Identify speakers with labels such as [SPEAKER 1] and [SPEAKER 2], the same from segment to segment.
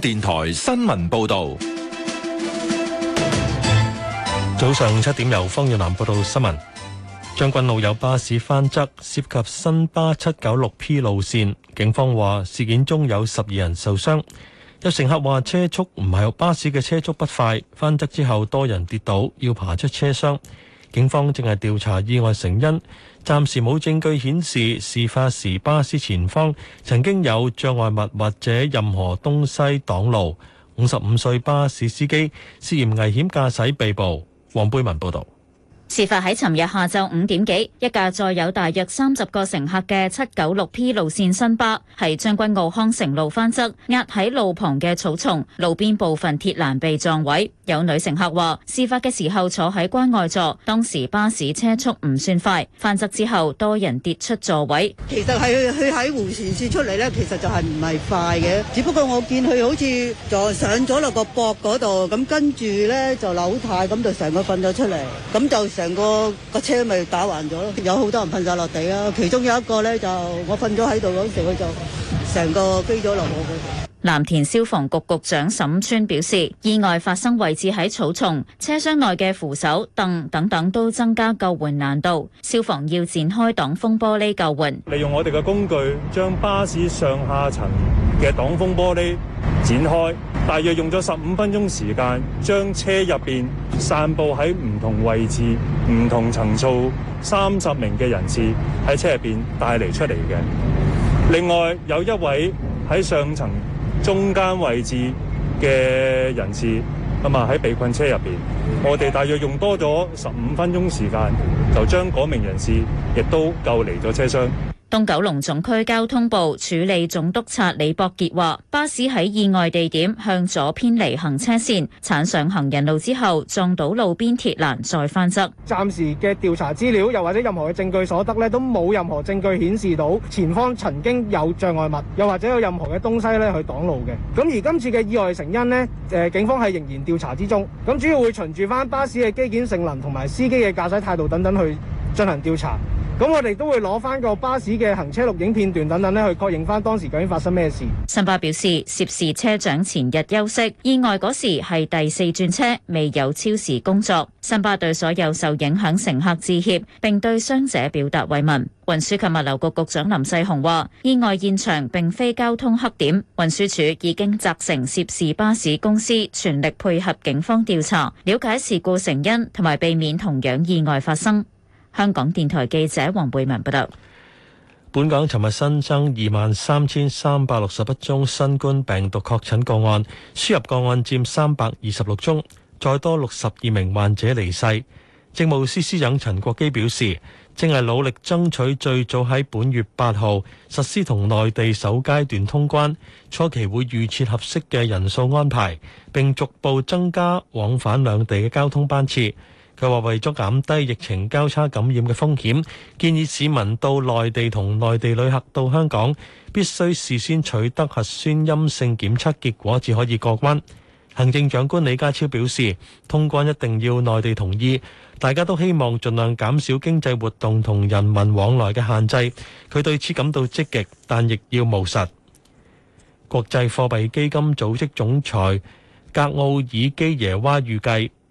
[SPEAKER 1] 電台新聞報道：早上七點，由方遠南報道新聞。將軍路有巴士翻側，涉及新巴七九六 P 路線。警方話事件中有十二人受傷。有乘客話車速唔係，巴士嘅車速不快。翻側之後，多人跌倒，要爬出車廂。警方正係調查意外成因。暫時冇證據顯示，事發時巴士前方曾經有障礙物或者任何東西擋路。五十五歲巴士司機涉嫌危險駕駛被捕。黃貝文報
[SPEAKER 2] 導。事發喺尋日下晝五點幾，一架載有大約三十個乘客嘅七九六 P 路線新巴，喺將軍澳康城路翻側，壓喺路旁嘅草叢，路邊部分鐵欄被撞毀。有女乘客話，事發嘅時候坐喺關愛座，當時巴士車速唔算快，翻側之後多人跌出座位。其實係佢喺弧線處出嚟呢，其實就係唔係快嘅，只不過我見佢好似就上咗落個膊嗰度，咁跟住呢就扭軚，咁就成個瞓咗出嚟，咁就。成個個車咪打橫咗咯，有好多人噴曬落地啊。其中有一個咧，我就我瞓咗喺度嗰時，佢就成個飛咗落去。藍田消防局局長沈川表示，意外發生位置喺草叢，車廂內嘅扶手、凳等等都增加救援難度，消防要展開擋風玻璃救援。利
[SPEAKER 1] 用我哋嘅工具，將巴士上下層嘅擋風玻璃展開。大約用咗十五分鐘時間，將車入邊散布喺唔同位置、唔同層數三十名嘅人士喺車入邊帶嚟出嚟嘅。另外有一位喺上層中間位置嘅人士，咁啊喺被困車入邊，我哋大約用多咗十五分鐘時間，就將嗰名人士亦都救離咗車廂。
[SPEAKER 2] 東九龍總區交通部處理總督察李博杰話，巴士喺意外地點向左偏離行車綫，鏟上行人路之後撞到路邊鐵欄，再翻側。
[SPEAKER 3] 暫時嘅調查資料又或者任何嘅證據所得咧，都冇任何證據顯示到前方曾經有障礙物，又或者有任何嘅東西咧去擋路嘅。咁而今次嘅意外成因咧，誒警方係仍然調查之中。咁主要會循住翻巴士嘅機件性能同埋司機嘅駕駛態度等等去進行調查。咁我哋都會攞翻個巴士嘅行車錄影片段等等咧，去確認翻當時究竟發生咩事。
[SPEAKER 2] 新巴表示，涉事車長前日休息，意外嗰時係第四轉車，未有超時工作。新巴對所有受影響乘客致歉，並對傷者表達慰問。運輸及物流局局長林世雄話：意外現場並非交通黑點，運輸署已經責成涉事巴士公司全力配合警方調查，了解事故成因，同埋避免同樣意外發生。香港電台記者黃貝文報道，
[SPEAKER 1] 本港尋日新增二萬三千三百六十一宗新冠病毒確診個案，輸入個案佔三百二十六宗，再多六十二名患者離世。政務司司長陳國基表示，正係努力爭取最早喺本月八號實施同內地首階段通關，初期會預設合適嘅人數安排，並逐步增加往返兩地嘅交通班次。佢話為咗減低疫情交叉感染嘅風險，建議市民到內地同內地旅客到香港，必須事先取得核酸陰性檢測結果，至可以過關。行政長官李家超表示，通關一定要內地同意，大家都希望盡量減少經濟活動同人民往來嘅限制。佢對此感到積極，但亦要務實。國際貨幣基金組織總裁格奧爾基耶娃預計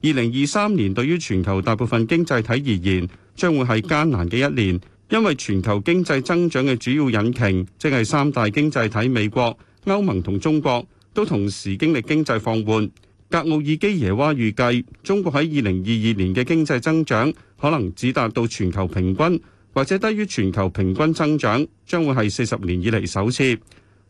[SPEAKER 4] 二零二三年對於全球大部分經濟體而言，將會係艱難嘅一年，因為全球經濟增長嘅主要引擎，即係三大經濟體美國、歐盟同中國，都同時經歷經濟放緩。格奧爾基耶娃預計，中國喺二零二二年嘅經濟增長可能只達到全球平均，或者低於全球平均增長，將會係四十年以嚟首次。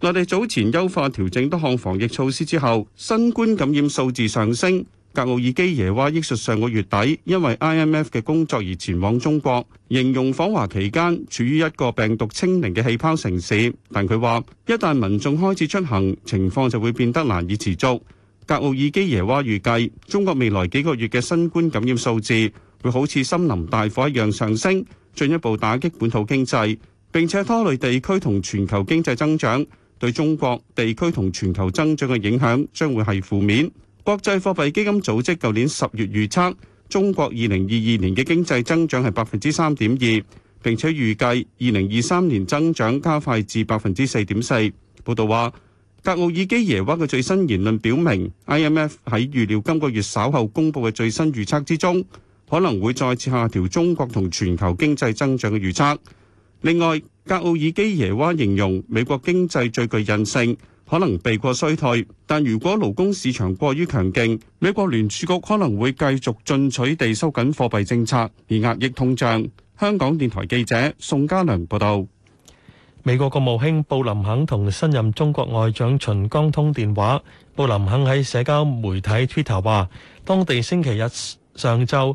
[SPEAKER 4] 內地早前優化調整多項防疫措施之後，新冠感染數字上升。格奧爾基耶娃憶述：「上個月底因為 IMF 嘅工作而前往中國，形容訪華期間處於一個病毒清零嘅氣泡城市。但佢話一旦民眾開始出行，情況就會變得難以持續。格奧爾基耶娃預計，中國未來幾個月嘅新冠感染數字會好似森林大火一樣上升，進一步打擊本土經濟，並且拖累地區同全球經濟增長。對中國地區同全球增長嘅影響將會係負面。國際貨幣基金組織舊年十月預測中國二零二二年嘅經濟增長係百分之三點二，並且預計二零二三年增長加快至百分之四點四。報道話，格奧爾基耶娃嘅最新言論表明，IMF 喺預料今個月稍後公布嘅最新預測之中，可能會再次下調中國同全球經濟增長嘅預測。另外，格奧爾基耶娃形容美國經濟最具韌性。可能避過衰退，但如果勞工市場過於強勁，美國聯儲局可能會繼續進取地收緊貨幣政策，而壓抑通脹。香港電台記者宋家良報道。美國國務
[SPEAKER 1] 卿布林肯同新任中國外長秦剛通電話。布林肯喺社交媒體 Twitter 話：當地星期日上晝。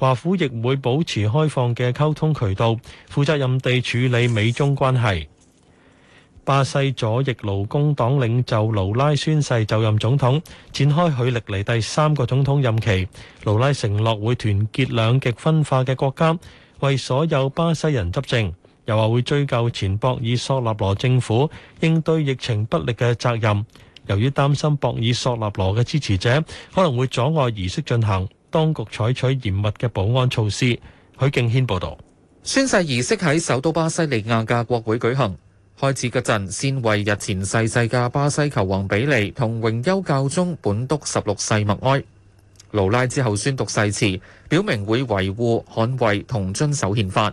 [SPEAKER 1] 華府亦會保持開放嘅溝通渠道，負責任地處理美中關係。巴西左翼勞工黨領袖盧拉宣誓就任總統，展開佢歷嚟第三個總統任期。盧拉承諾會團結兩極分化嘅國家，為所有巴西人執政。又話會追究前博爾索納羅政府應對疫情不力嘅責任。由於擔心博爾索納羅嘅支持者可能會阻礙儀式進行，當局採取嚴密嘅保安措施。許敬軒報導，宣誓儀式喺首都巴西利亞嘅國
[SPEAKER 3] 會舉行。開始嗰陣，先為日前逝世嘅巴西球王比利同榮休教宗本篤十六世默哀。盧拉之後宣讀誓詞，表明會維護捍衞同遵守憲法。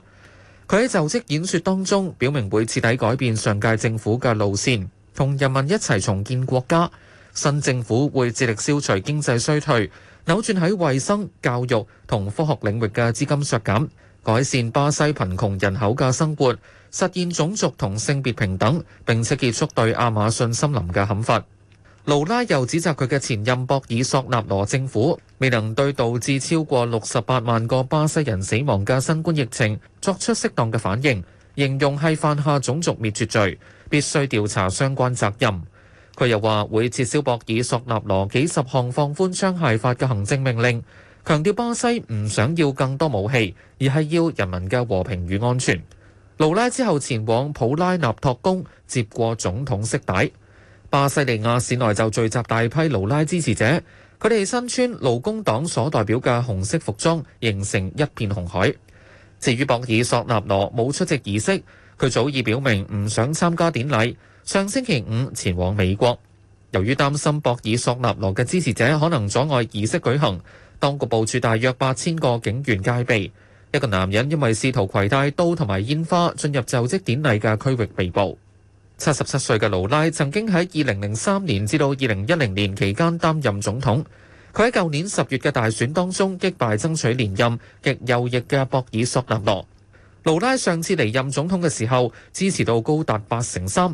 [SPEAKER 3] 佢喺就職演說當中，表明會徹底改變上屆政府嘅路線，同人民一齊重建國家。新政府會致力消除經濟衰退。扭轉喺衞生、教育同科學領域嘅資金削減，改善巴西貧窮人口嘅生活，實現種族同性別平等，並且結束對亞馬遜森林嘅砍伐。盧拉又指責佢嘅前任博爾索納羅政府未能對導致超過六十八萬個巴西人死亡嘅新冠疫情作出適當嘅反應，形容係犯下種族滅絕罪，必須調查相關責任。佢又話會撤銷博爾索納羅幾十項放寬傷械法嘅行政命令，強調巴西唔想要更多武器，而係要人民嘅和平與安全。盧拉之後前往普拉納托宮接過總統色帶。巴西利亞市內就聚集大批盧拉支持者，佢哋身穿勞工黨所代表嘅紅色服裝，形成一片紅海。至於博爾索納羅冇出席儀式，佢早已表明唔想參加典禮。上星期五前往美國，由於擔心博爾索納羅嘅支持者可能阻礙儀式舉行，當局部署大約八千個警員戒備。一個男人因為試圖攜帶刀同埋煙花進入就職典禮嘅區域被捕。七十七歲嘅盧拉曾經喺二零零三年至到二零一零年期間擔任總統。佢喺舊年十月嘅大選當中擊敗爭取連任極右翼嘅博爾索納羅。盧拉上次離任總統嘅時候，支持度高達八成三。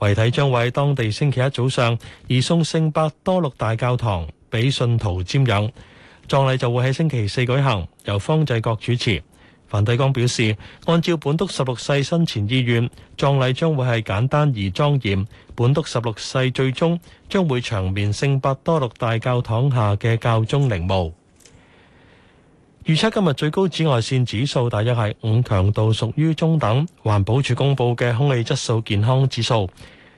[SPEAKER 1] 遺體將會喺當地星期一早上移送聖伯多祿大教堂俾信徒瞻仰，葬禮就會喺星期四舉行，由方濟各主持。梵蒂岡表示，按照本篤十六世生前意願，葬禮將會係簡單而莊嚴。本篤十六世最終將會長眠聖伯多祿大教堂下嘅教宗陵墓。預測今日最高紫外線指數大約係五強度，屬於中等。環保署公布嘅空氣質素健康指數，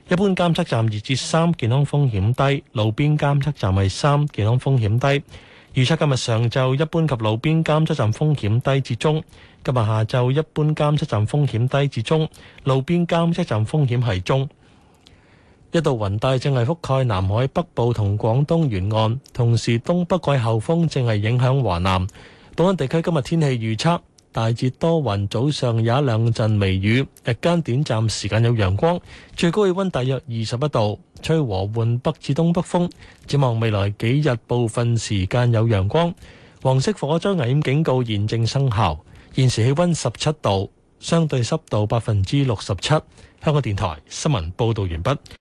[SPEAKER 1] 一般監測站二至三，健康風險低；路邊監測站係三，健康風險低。預測今日上晝一般及路邊監測站風險低至中，今日下晝一般監測站風險低至中，路邊監測站風險係中。一度雲帶正係覆蓋南海北部同廣東沿岸，同時東北季候風正係影響華南。本港地區今日天氣預測，大致多雲早上有一兩陣微雨，日間短暫時間有陽光，最高氣溫大約二十一度，吹和緩北至東北風，展望未來幾日，部分時間有陽光。黃色火災危險警告現正生效。現時氣溫十七度，相對濕度百分之六十七。香港電台新聞報道完畢。